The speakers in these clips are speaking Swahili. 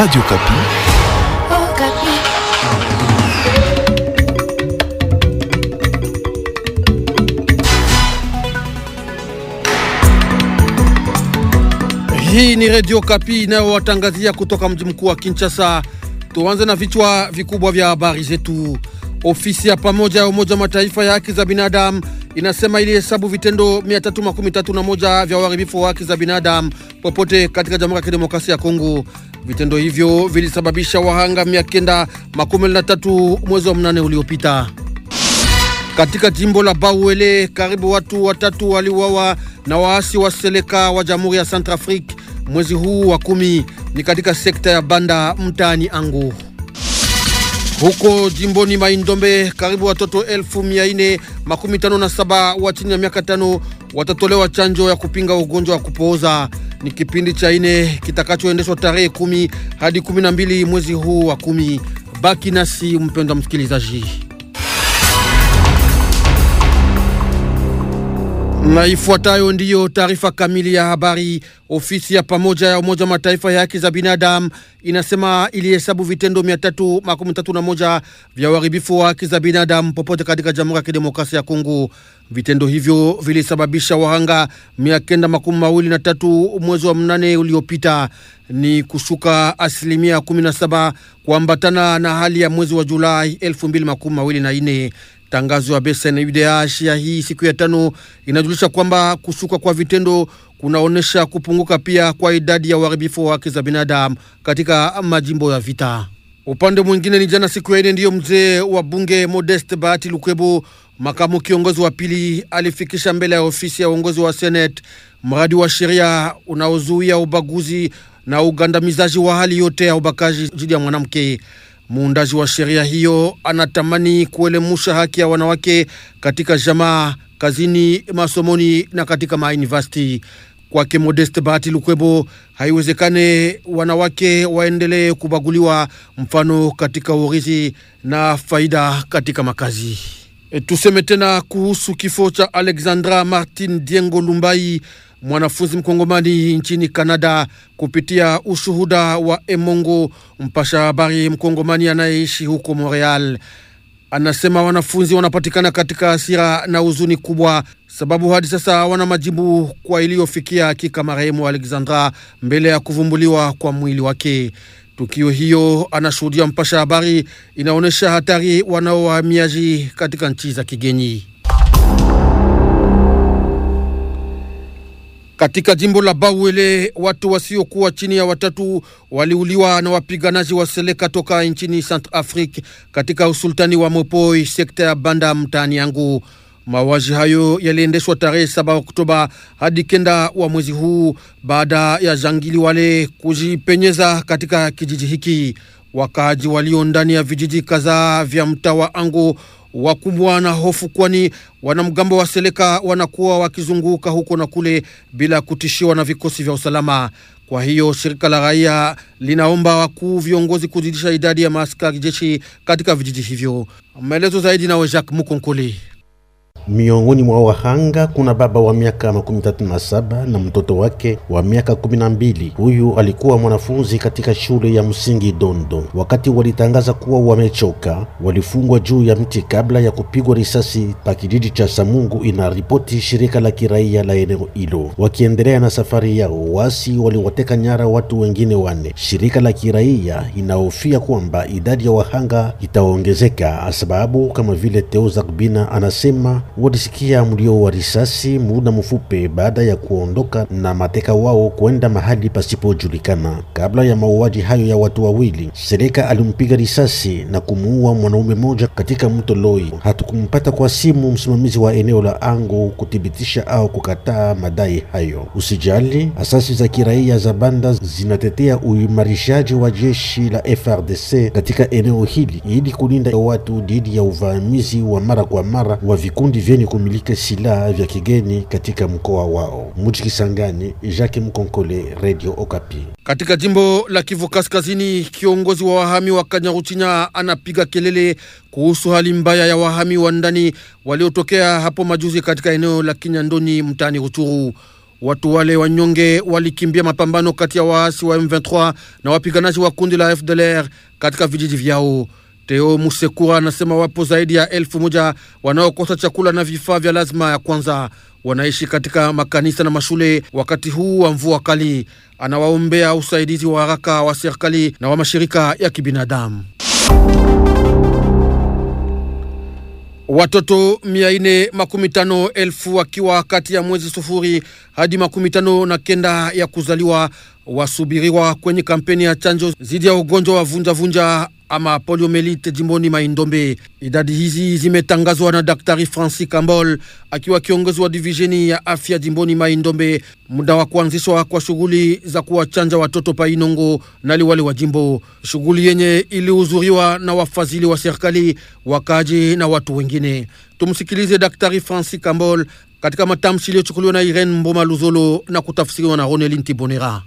Radio Kapi. Oh, Kapi. Hii ni Radio Kapi inayowatangazia kutoka mji mkuu wa Kinshasa. Tuanze na vichwa vikubwa vya habari zetu. Ofisi ya pamoja ya Umoja Mataifa ya haki za binadamu inasema ilihesabu vitendo 331 vya uharibifu wa haki za binadamu popote katika Jamhuri ya Kidemokrasia ya Kongo. Vitendo hivyo vilisababisha wahanga 913 mwezi wa mnane uliopita. Katika jimbo la Bauele karibu watu watatu waliuawa na waasi wa Seleka wa Jamhuri ya Centrafrique mwezi huu wa kumi, ni katika sekta ya Banda mtaani Angu. Huko jimboni Maindombe karibu watoto elfu wa chini ya miaka tano watatolewa chanjo ya kupinga ugonjwa wa kupooza ni kipindi cha ine kitakachoendeshwa tarehe kumi hadi kumi na mbili mwezi huu wa kumi. Baki nasi mpendwa msikilizaji. Na ifuatayo ndiyo taarifa kamili ya habari. Ofisi ya pamoja ya Umoja wa Mataifa ya haki za binadamu inasema ilihesabu vitendo 331 vya uharibifu wa haki za binadamu popote katika Jamhuri ya Kidemokrasia ya Kongo. Vitendo hivyo vilisababisha wahanga 923 mwezi wa mnane uliopita, ni kushuka asilimia 17 kuambatana na hali ya mwezi wa Julai 2024. Tangazo ya Besen UDH ya hii siku ya tano inajulisha kwamba kushuka kwa vitendo kunaonyesha kupunguka pia kwa idadi ya uharibifu wa haki za binadamu katika majimbo ya vita. Upande mwingine, ni jana siku ya ine ndiyo mzee wa bunge Modeste Bahati Lukwebo, makamu kiongozi wa pili, alifikisha mbele ya ofisi ya uongozi wa Senate mradi wa sheria unaozuia ubaguzi na ugandamizaji wa hali yote ya ubakaji dhidi ya mwanamke. Muundaji wa sheria hiyo anatamani kuelemusha haki ya wanawake katika jamaa, kazini, masomoni na katika mauniversiti. Kwake Modeste Bahati Lukwebo, haiwezekane wanawake waendelee kubaguliwa, mfano katika urithi na faida katika makazi. E, tuseme tena kuhusu kifo cha Alexandra Martin Diengo Lumbai mwanafunzi mkongomani nchini Kanada kupitia ushuhuda wa Emongo, mpasha habari mkongomani anayeishi huko Montreal. Anasema wanafunzi wanapatikana katika hasira na huzuni kubwa, sababu hadi sasa hawana majibu kwa iliyofikia hakika marehemu Alexandra mbele ya kuvumbuliwa kwa mwili wake. Tukio hiyo, anashuhudia mpasha habari, inaonyesha hatari wanaohamiaji katika nchi za kigeni. Katika jimbo la Bauele watu wasiokuwa chini ya watatu waliuliwa na wapiganaji wa Seleka toka nchini Centre Afrique katika usultani wa Mopoi, sekta ya Banda, mtaani yangu. Mauaji hayo yaliendeshwa tarehe 7 Oktoba hadi kenda wa mwezi huu baada ya jangili wale kujipenyeza katika kijiji hiki. Wakaaji walio ndani ya vijiji kadhaa vya mtaa wa Ango wakubwa na hofu, kwani wanamgambo wa Seleka wanakuwa wakizunguka huko na kule bila kutishiwa na vikosi vya usalama. Kwa hiyo shirika la raia linaomba wakuu viongozi kuzidisha idadi ya maaskari jeshi katika vijiji hivyo. Maelezo zaidi nawe Jacques Mukonkoli. Miongoni mwa wahanga kuna baba wa miaka makumi tatu na saba na mtoto wake wa miaka kumi na mbili. Huyu alikuwa mwanafunzi katika shule ya msingi Dondo. Wakati walitangaza kuwa wamechoka, walifungwa juu ya mti kabla ya kupigwa risasi pa kijiji cha Samungu, inaripoti shirika la kiraia la eneo hilo. Wakiendelea na safari yao, wasi waliwateka nyara watu wengine wane. Shirika la kiraia inahofia kwamba idadi ya wahanga itaongezeka, sababu kama vile Teo kubina anasema walisikia mlio wa risasi muda mfupi baada ya kuondoka na mateka wao kwenda mahali pasipojulikana. Kabla ya mauaji hayo ya watu wawili, sereka alimpiga risasi na kumuua mwanaume mmoja katika mto Loi. Hatukumpata kwa simu msimamizi wa eneo la Ango kuthibitisha au kukataa madai hayo. Usijali, asasi za kiraia za Banda zinatetea uimarishaji wa jeshi la FRDC katika eneo hili ili kulinda watu dhidi ya uvamizi wa mara kwa mara wa vikundi ni vyenye kumiliki silaha vya kigeni katika mkoa wao. Mji Kisangani, Jacques Mkonkole, Radio Okapi. Katika jimbo la Kivu Kaskazini, kiongozi wa wahami wa Kanyaruchinya anapiga kelele kuhusu hali mbaya ya wahami wa ndani waliotokea hapo majuzi katika eneo la Kinyandoni mtaani Ruchuru. Watu wale wanyonge walikimbia mapambano kati ya waasi wa M23 na wapiganaji wa kundi la FDLR katika vijiji vyao. Teo Musekura anasema wapo zaidi ya elfu moja wanaokosa chakula na vifaa vya lazima ya kwanza, wanaishi katika makanisa na mashule wakati huu wa mvua kali. Anawaombea usaidizi wa haraka wa serikali na wa mashirika ya kibinadamu. Watoto mia nne makumi tano elfu wakiwa kati ya mwezi sufuri hadi makumi tano na kenda ya kuzaliwa wasubiriwa kwenye kampeni ya chanjo dhidi ya ugonjwa wa vunjavunja ama poliomelite jimboni Maindombe. Idadi hizi zimetangazwa na Daktari Francis Cambol akiwa kiongozi wa divisheni ya afya jimboni Maindombe muda wa kuanzishwa kwa shughuli za kuwachanja watoto Painongo na liwali wa jimbo, shughuli yenye ilihudhuriwa na wafadhili wa serikali, wakaji na watu wengine. Tumsikilize Daktari Francis Cambol katika matamshi iliyochukuliwa na Irene Mboma Luzolo na kutafsiriwa na Ronelin Tibonera.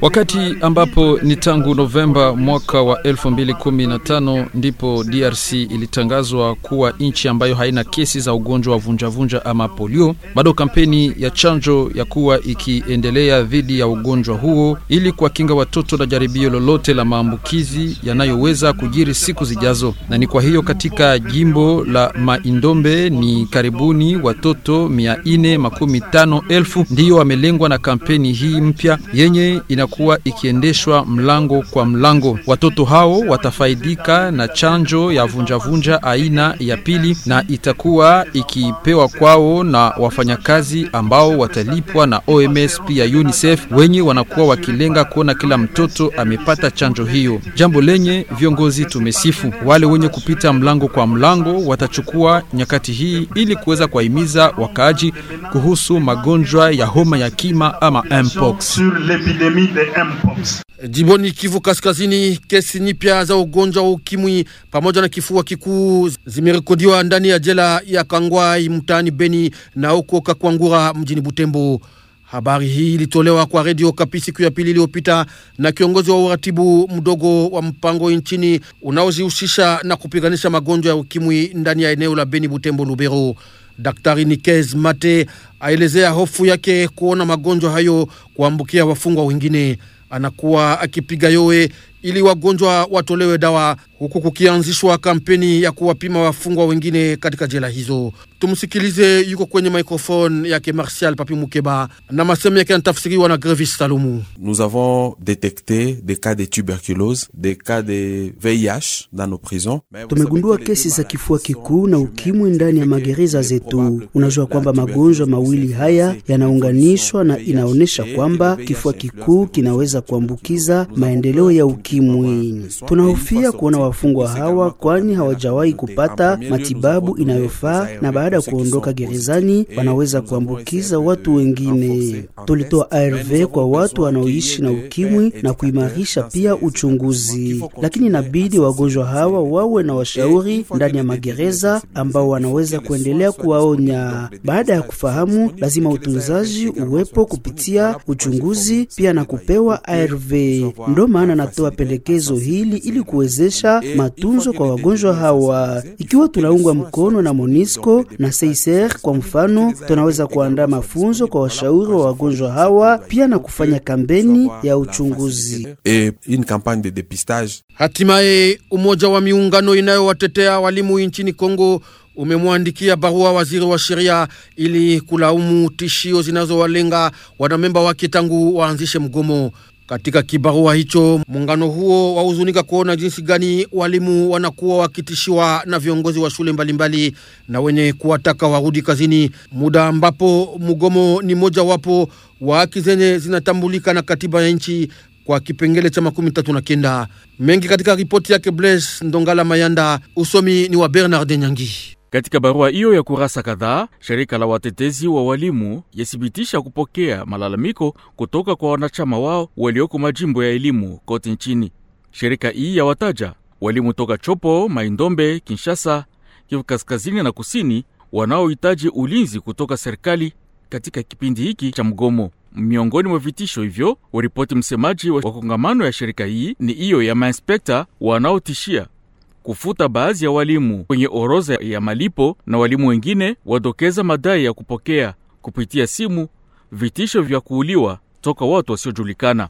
Wakati ambapo ni tangu Novemba mwaka wa 2015 ndipo DRC ilitangazwa kuwa nchi ambayo haina kesi za ugonjwa wa vunjavunja ama polio, bado kampeni ya chanjo ya kuwa ikiendelea dhidi ya ugonjwa huo ili kuwakinga watoto na jaribio lolote la maambukizi yanayoweza kujiri siku zijazo. Na ni kwa hiyo katika jimbo la Maindombe ni karibuni watoto 415,000 elfu ndiyo wamelengwa na kampeni hii mpya yenye inakuwa ikiendeshwa mlango kwa mlango. Watoto hao watafaidika na chanjo ya vunjavunja vunja aina ya pili, na itakuwa ikipewa kwao na wafanyakazi ambao watalipwa na OMS pia UNICEF, wenye wanakuwa wakilenga kuona kila mtoto amepata chanjo hiyo, jambo lenye viongozi tumesifu. Wale wenye kupita mlango kwa mlango watachukua nyakati hii ili kuweza kuwahimiza wakaaji kuhusu magonjwa magonjwa ya homa ya kima ama mpox. Jimboni Kivu Kaskazini, kesi nyipya za ugonjwa wa ukimwi pamoja na kifua kikuu zimerekodiwa ndani ya jela ya Kangwai mtaani Beni na huko Kakwangura mjini Butembo. Habari hii ilitolewa kwa redio Kapi siku ya pili iliyopita na kiongozi wa uratibu mdogo wa mpango nchini unaojihusisha na kupiganisha magonjwa ya ukimwi ndani ya eneo la Beni, Butembo, Lubero. Daktari Nikes Mate aelezea hofu yake kuona magonjwa hayo kuambukia wafungwa wengine. Anakuwa akipiga yowe ili wagonjwa watolewe dawa, huku kukianzishwa kampeni ya kuwapima wafungwa wengine katika jela hizo. Tumsikilize, yuko kwenye microphone yake Martial Papi Mukeba na masemo yake yanatafsiriwa na Grevis Salomu. Nous avons détecté des cas de tuberculose, des cas de VIH dans nos prisons. Tumegundua kesi za kifua kikuu na ukimwi ndani ya magereza zetu. Unajua kwamba magonjwa mawili haya yanaunganishwa na inaonyesha kwamba kifua kikuu kinaweza kuambukiza maendeleo ya ukimwi. Tunahofia kuona wafungwa hawa kwani hawajawahi kupata matibabu inayofaa na baada ya kuondoka gerezani wanaweza kuambukiza watu wengine. Tulitoa ARV kwa watu wanaoishi na ukimwi na kuimarisha pia uchunguzi, lakini inabidi wagonjwa hawa wawe na washauri ndani ya magereza ambao wanaweza kuendelea kuwaonya. Baada ya kufahamu, lazima utunzaji uwepo kupitia uchunguzi pia na kupewa ARV. Ndo maana natoa pendekezo hili ili kuwezesha matunzo kwa wagonjwa hawa, ikiwa tunaungwa mkono na MONUSCO na CICR. Kwa mfano, tunaweza kuandaa mafunzo kwa washauri wa wagonjwa hawa pia na kufanya kampeni ya uchunguzi. E, Hatimaye, umoja wa miungano inayowatetea walimu nchini Kongo umemwandikia barua waziri wa sheria ili kulaumu tishio zinazowalenga wanamemba wake tangu waanzishe mgomo. Katika kibarua hicho, muungano huo wahuzunika kuona jinsi gani walimu wanakuwa wakitishiwa na viongozi wa shule mbalimbali mbali, na wenye kuwataka warudi kazini, muda ambapo mgomo ni moja wapo wa haki zenye zinatambulika na katiba ya nchi kwa kipengele cha makumi tatu na kenda. Mengi katika ripoti yake Blaise Ndongala Mayanda, usomi ni wa Bernard Nyangi. Katika barua hiyo ya kurasa kadhaa, shirika la watetezi wa walimu yathibitisha kupokea malalamiko kutoka kwa wanachama wao walioko majimbo ya elimu kote nchini. Shirika hii yawataja walimu toka Chopo, Maindombe, Kinshasa, Kivu kaskazini na kusini wanaohitaji ulinzi kutoka serikali katika kipindi hiki cha mgomo. Miongoni mwa vitisho hivyo, uripoti msemaji wa kongamano ya shirika hii ni hiyo ya mainspekta wanaotishia kufuta baadhi ya walimu kwenye orodha ya malipo na walimu wengine wadokeza madai ya kupokea kupitia simu vitisho vya kuuliwa toka watu wasiojulikana.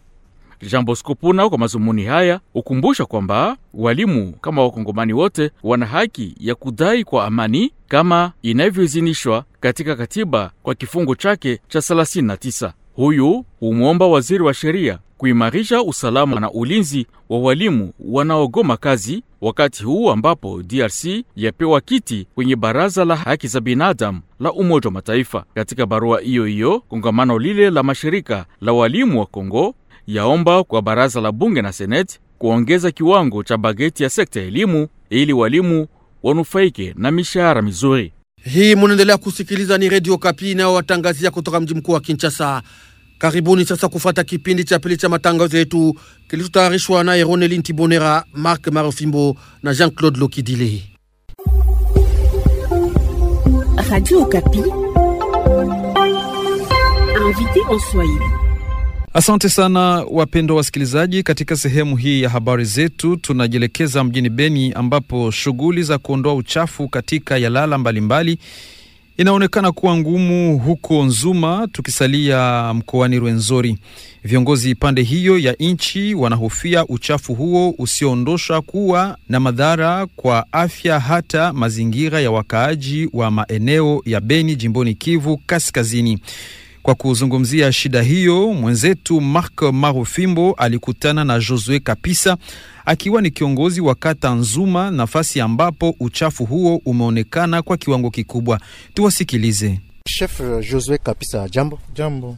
Jean Bosco Puna kwa mazumuni haya hukumbusha kwamba walimu kama wakongomani wote wana haki ya kudai kwa amani kama inavyoidhinishwa katika katiba kwa kifungu chake cha 39. Huyu humwomba waziri wa sheria kuimarisha usalama na ulinzi wa walimu wanaogoma kazi wakati huu ambapo DRC yapewa kiti kwenye baraza la haki za binadamu la Umoja wa Mataifa. Katika barua hiyo hiyo, kongamano lile la mashirika la walimu wa Kongo yaomba kwa baraza la bunge na seneti kuongeza kiwango cha bageti ya sekta ya elimu ili walimu wanufaike na mishahara mizuri. Hii munaendelea kusikiliza, ni Redio Kapi inayowatangazia kutoka mji mkuu wa Kinshasa. Karibuni sasa kufata kipindi cha pili cha matangazo yetu kilichotayarishwa naye Ronelin Tibonera, Marc Marofimbo na Jean-Claude Lokidile. Radio invité en Asante sana wapendwa wasikilizaji. Katika sehemu hii ya habari zetu tunajielekeza mjini Beni ambapo shughuli za kuondoa uchafu katika yalala mbalimbali inaonekana kuwa ngumu huko Nzuma. Tukisalia mkoani Rwenzori, viongozi pande hiyo ya nchi wanahofia uchafu huo usioondosha kuwa na madhara kwa afya hata mazingira ya wakaaji wa maeneo ya Beni jimboni Kivu Kaskazini. Kwa kuzungumzia shida hiyo, mwenzetu Mark Marufimbo alikutana na Josue Kapisa akiwa ni kiongozi wa kata Nzuma, nafasi ambapo uchafu huo umeonekana kwa kiwango kikubwa. Tuwasikilize. Chef Josue Kapisa, jambo. Jambo.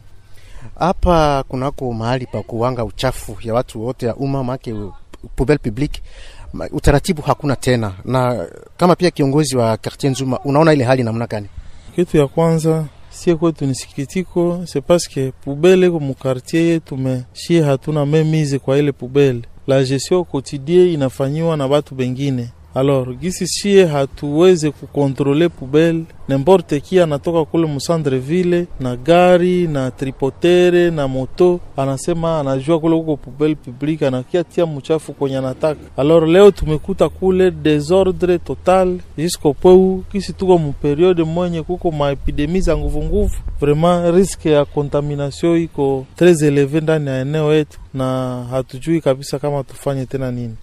Hapa kunako mahali pa kuwanga uchafu ya watu wote ya umma make poubelle publique utaratibu hakuna tena, na kama pia kiongozi wa quartier Nzuma, unaona ile hali namna gani? Kitu ya kwanza sie kwetu ni sikitiko, se paske pubele iko mukartier yetu, me shie hatuna memize kwa ile pubele. La gestion quotidien inafanyiwa na batu bengine Alors gisi shie hatuweze kukontrole pubele nemporte kia anatoka kule musandre ville na gari na tripotere na moto, anasema anajua kule kuko pubele na kia tia muchafu kwenye anataka. Alors leo tumekuta kule desordre total jusko peu kisi tuko muperiode mwenye kuko maepidemi za nguvunguvu, vraiment riske ya contamination iko tres eleve ndani ya eneo yetu, na hatujui kabisa kama tufanye tena nini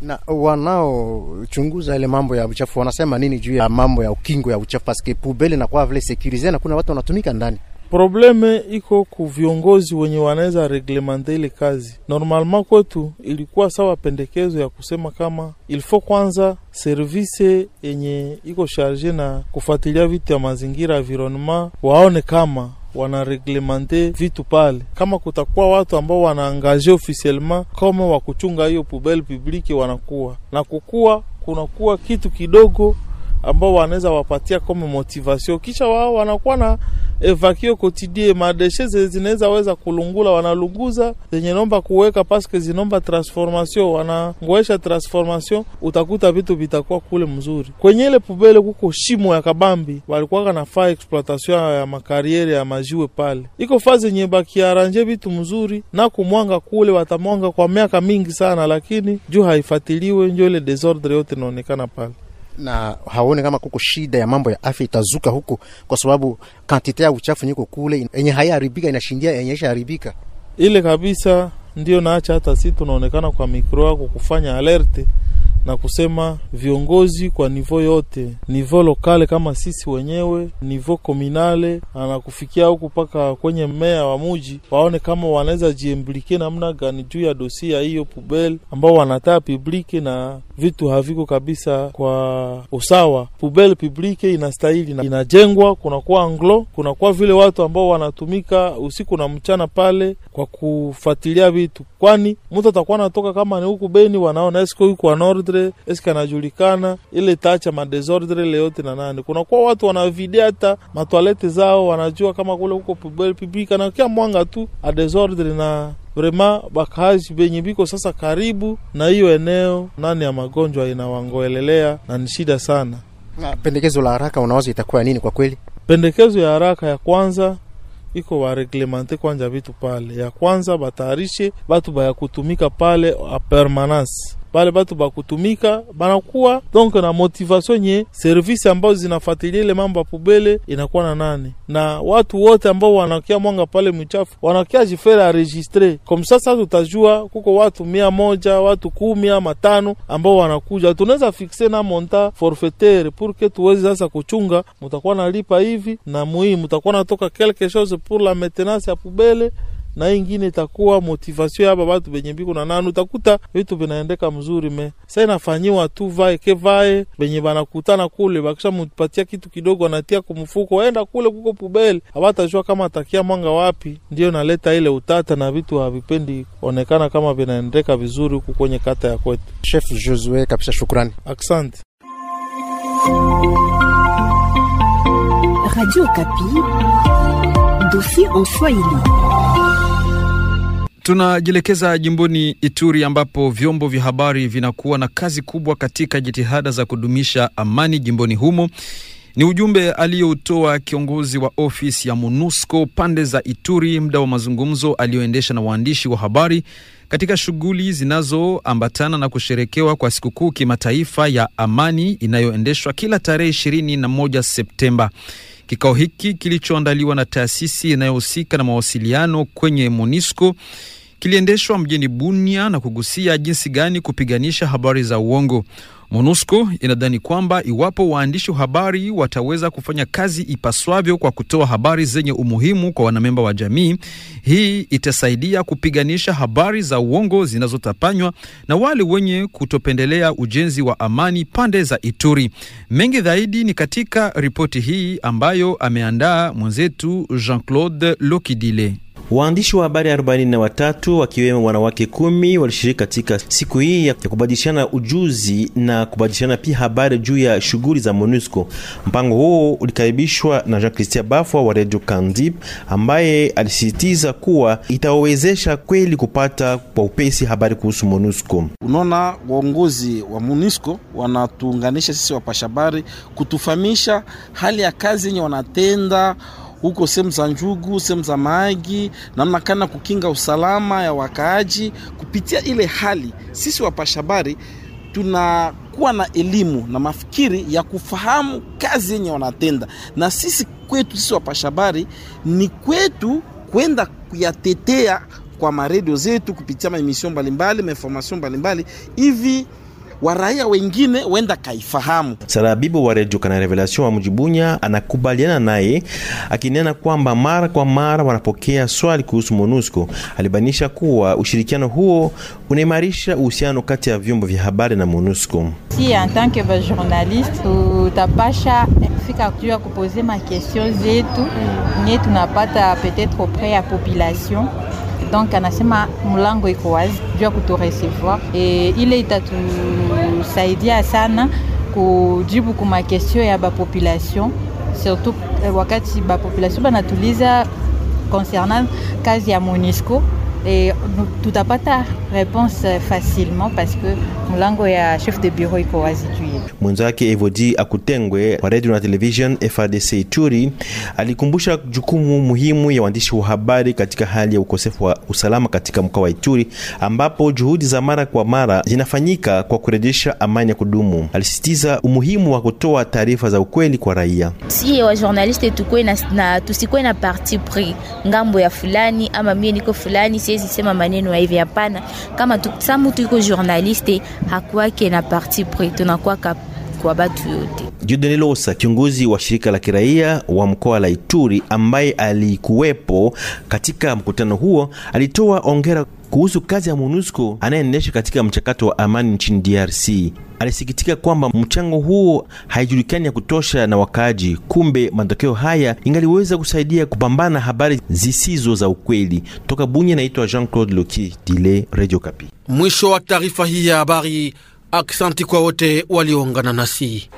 na wanaochunguza ile mambo ya uchafu wanasema nini juu ya mambo ya ukingo ya uchafu? Paske pubele na kwa vile sekurize na kuna watu wanatumika ndani. Probleme iko ku viongozi wenye wanaweza reglemente ile kazi. Normalement kwetu ilikuwa sawa pendekezo ya kusema kama ilifo kwanza servise yenye iko sharge na kufuatilia vitu ya mazingira environnement waone kama wanareglemente vitu pale. Kama kutakuwa watu ambao wanaangazia officiellement kama wa kuchunga hiyo pubele publiki, wanakuwa na kukuwa kunakuwa kitu kidogo ambao wanaweza wapatia kama motivation, kisha wao wanakuwa na evakio kotidie madeshe zinaweza weza kulungula, wanalunguza zenye nomba kuweka paske zinomba transformation, wanangoesha transformation, utakuta vitu vitakuwa kule mzuri. Kwenye ile pubele kuko shimo ya kabambi, walikuwa nafaa exploitation ya makariere ya majiwe pale, iko fazi zenye bakiaranje vitu mzuri na kumwanga kule, watamwanga kwa miaka mingi sana, lakini juu haifatiliwe, njo ile desordre yote inaonekana pale na haone kama kuko shida ya mambo ya afya itazuka huko, kwa sababu kantite ya uchafu niko kule enye haiharibika inashindia enye haribika ile kabisa. Ndio naacha hata si tunaonekana kwa mikro yako kufanya alerte na kusema viongozi kwa nivo yote, nivo lokale kama sisi wenyewe, nivo kominale anakufikia huku mpaka kwenye mmea wa muji, waone kama wanaweza jiimplike namna gani juu ya dosia hiyo pubel ambao wanataa publike na vitu haviko kabisa kwa usawa. Pubel publike inastahili na inajengwa, kunakuwa anglo, kunakuwa vile watu ambao wanatumika usiku na mchana pale kwa kufuatilia vitu, kwani mtu atakuwa anatoka kama ni huku Beni wanaona esko huku wa desordre eske anajulikana ile tacha madesordre ile yote na nani. Kuna kwa watu wanavide hata matwalete zao, wanajua kama kule huko pubel pipika na kia mwanga tu a desordre na vrema bakazi benye biko sasa karibu na hiyo eneo nani ya magonjwa inawangoelelea na ni shida sana. Na pendekezo la haraka unaoza itakuwa nini? Kwa kweli pendekezo ya haraka ya kwanza iko wareglemente kwanja vitu pale, ya kwanza batayarishe batu baya kutumika pale a permanence bale batu bakutumika banakuwa donc na motivation nye servisi ambazo zinafuatilia ile mambo ya pubele inakuwa na nane na watu wote ambao wanakia mwanga pale mchafu wanakia jifere aregistre ça sasa, tutajua kuko watu mia moja watu kumi ama tano ambao wanakuja, tunaweza fikse na monta forfaitaire purke tuwezi sasa kuchunga, mutakuwa nalipa hivi na muhimu mutakuwa natoka quelque chose pour la maintenance ya pubele na ingine itakuwa motivation yaba batu benye biko na nanu, utakuta vitu vinaendeka mzuri. Me sasa inafanyiwa tu vae ke vae benye banakutana kule, bakisha mupatia kitu kidogo, anatia kumfuko, aenda kule kuko pubele, abatajua kama atakia mwanga wapi. Ndio naleta ile utata na vitu havipendi onekana kama vinaendeka vizuri huku kwenye kata ya kwetu. Chef Josue, kabisa shukrani, asante. Radio Kapi, dossier en Swahili. Tunajielekeza jimboni Ituri ambapo vyombo vya habari vinakuwa na kazi kubwa katika jitihada za kudumisha amani jimboni humo. Ni ujumbe aliyoutoa kiongozi wa ofisi ya MONUSCO pande za Ituri muda wa mazungumzo aliyoendesha na waandishi wa habari katika shughuli zinazoambatana na kusherekewa kwa sikukuu kimataifa ya amani inayoendeshwa kila tarehe moja Septemba. Kikao hiki kilichoandaliwa na taasisi inayohusika na mawasiliano kwenye MONUSCO kiliendeshwa mjini Bunia na kugusia jinsi gani kupiganisha habari za uongo. MONUSCO inadhani kwamba iwapo waandishi wa habari wataweza kufanya kazi ipaswavyo kwa kutoa habari zenye umuhimu kwa wanamemba wa jamii, hii itasaidia kupiganisha habari za uongo zinazotapanywa na wale wenye kutopendelea ujenzi wa amani pande za Ituri. Mengi zaidi ni katika ripoti hii ambayo ameandaa mwenzetu Jean-Claude Lokidile. Waandishi wa habari 43 wakiwemo wanawake kumi walishiriki katika siku hii ya kubadilishana ujuzi na kubadilishana pia habari juu ya shughuli za MONUSCO. Mpango huo ulikaribishwa na Jean Christian Bafwa wa Radio Kandip ambaye alisisitiza kuwa itawawezesha kweli kupata kwa upesi habari kuhusu MONUSCO. Unaona, waongozi wa MONUSCO wanatuunganisha sisi wapashabari kutufahamisha hali ya kazi yenye wanatenda huko sehemu za Njugu, sehemu za maji, namna kana kukinga usalama ya wakaaji kupitia ile hali. Sisi wapasha habari tunakuwa na elimu na mafikiri ya kufahamu kazi yenye wanatenda, na sisi kwetu, sisi wapasha habari ni kwetu kwenda kuyatetea kwa maredio zetu kupitia maemission mbalimbali, mainformation mbalimbali hivi wa raia wengine wenda kaifahamu. Sarabibu wa Radio Kana Revelation wa Mjibunya anakubaliana naye akinena kwamba mara kwa mara wanapokea swali kuhusu MONUSCO. Alibainisha kuwa ushirikiano huo unaimarisha uhusiano kati ya vyombo vya habari na MONUSCO. Si en tant que ba journaliste tutapasha fika kujua kupoze ma question zetu nye tunapata peut-être auprès ya population donc anasema mlango iko wazi jua kuturecevoir e, ile itatusaidia sana kujibu kumakestio ya bapopulation surtout eh, wakati bapopulation banatuliza concernant kazi ya MONUSCO et tutapata response euh, facilement parce que mlango ya chef de bureau iko wazi juu yetu. Mwenzake Evodi Akutengwe wa radio na television FRDC Ituri alikumbusha jukumu muhimu ya waandishi wa habari katika hali ya ukosefu wa usalama katika mkoa wa Ituri, ambapo juhudi za mara kwa mara zinafanyika kwa kurejesha amani ya kudumu. Alisisitiza umuhimu wa kutoa taarifa za ukweli kwa raia. Si wa journaliste tukwe na, na tusikwe na parti pris ngambo ya fulani ama mie niko fulani si hawezi sema maneno ya hivi hapana. Kama samu tuiko journaliste hakuwake na parti pre tunakuwa kwa batu yote. Jude Lilosa, kiongozi wa shirika la kiraia wa mkoa la Ituri ambaye alikuwepo katika mkutano huo, alitoa ongera kuhusu kazi ya MONUSCO anayeendesha katika mchakato wa amani nchini DRC. Alisikitika kwamba mchango huo haijulikani ya kutosha na wakaaji. Kumbe matokeo haya ingaliweza kusaidia kupambana habari zisizo za ukweli. Toka Bunya, naitwa Jean-Claude Loki Dile, Radio Kapi. Mwisho wa taarifa hii ya habari. Aksanti kwa wote walioungana nasi.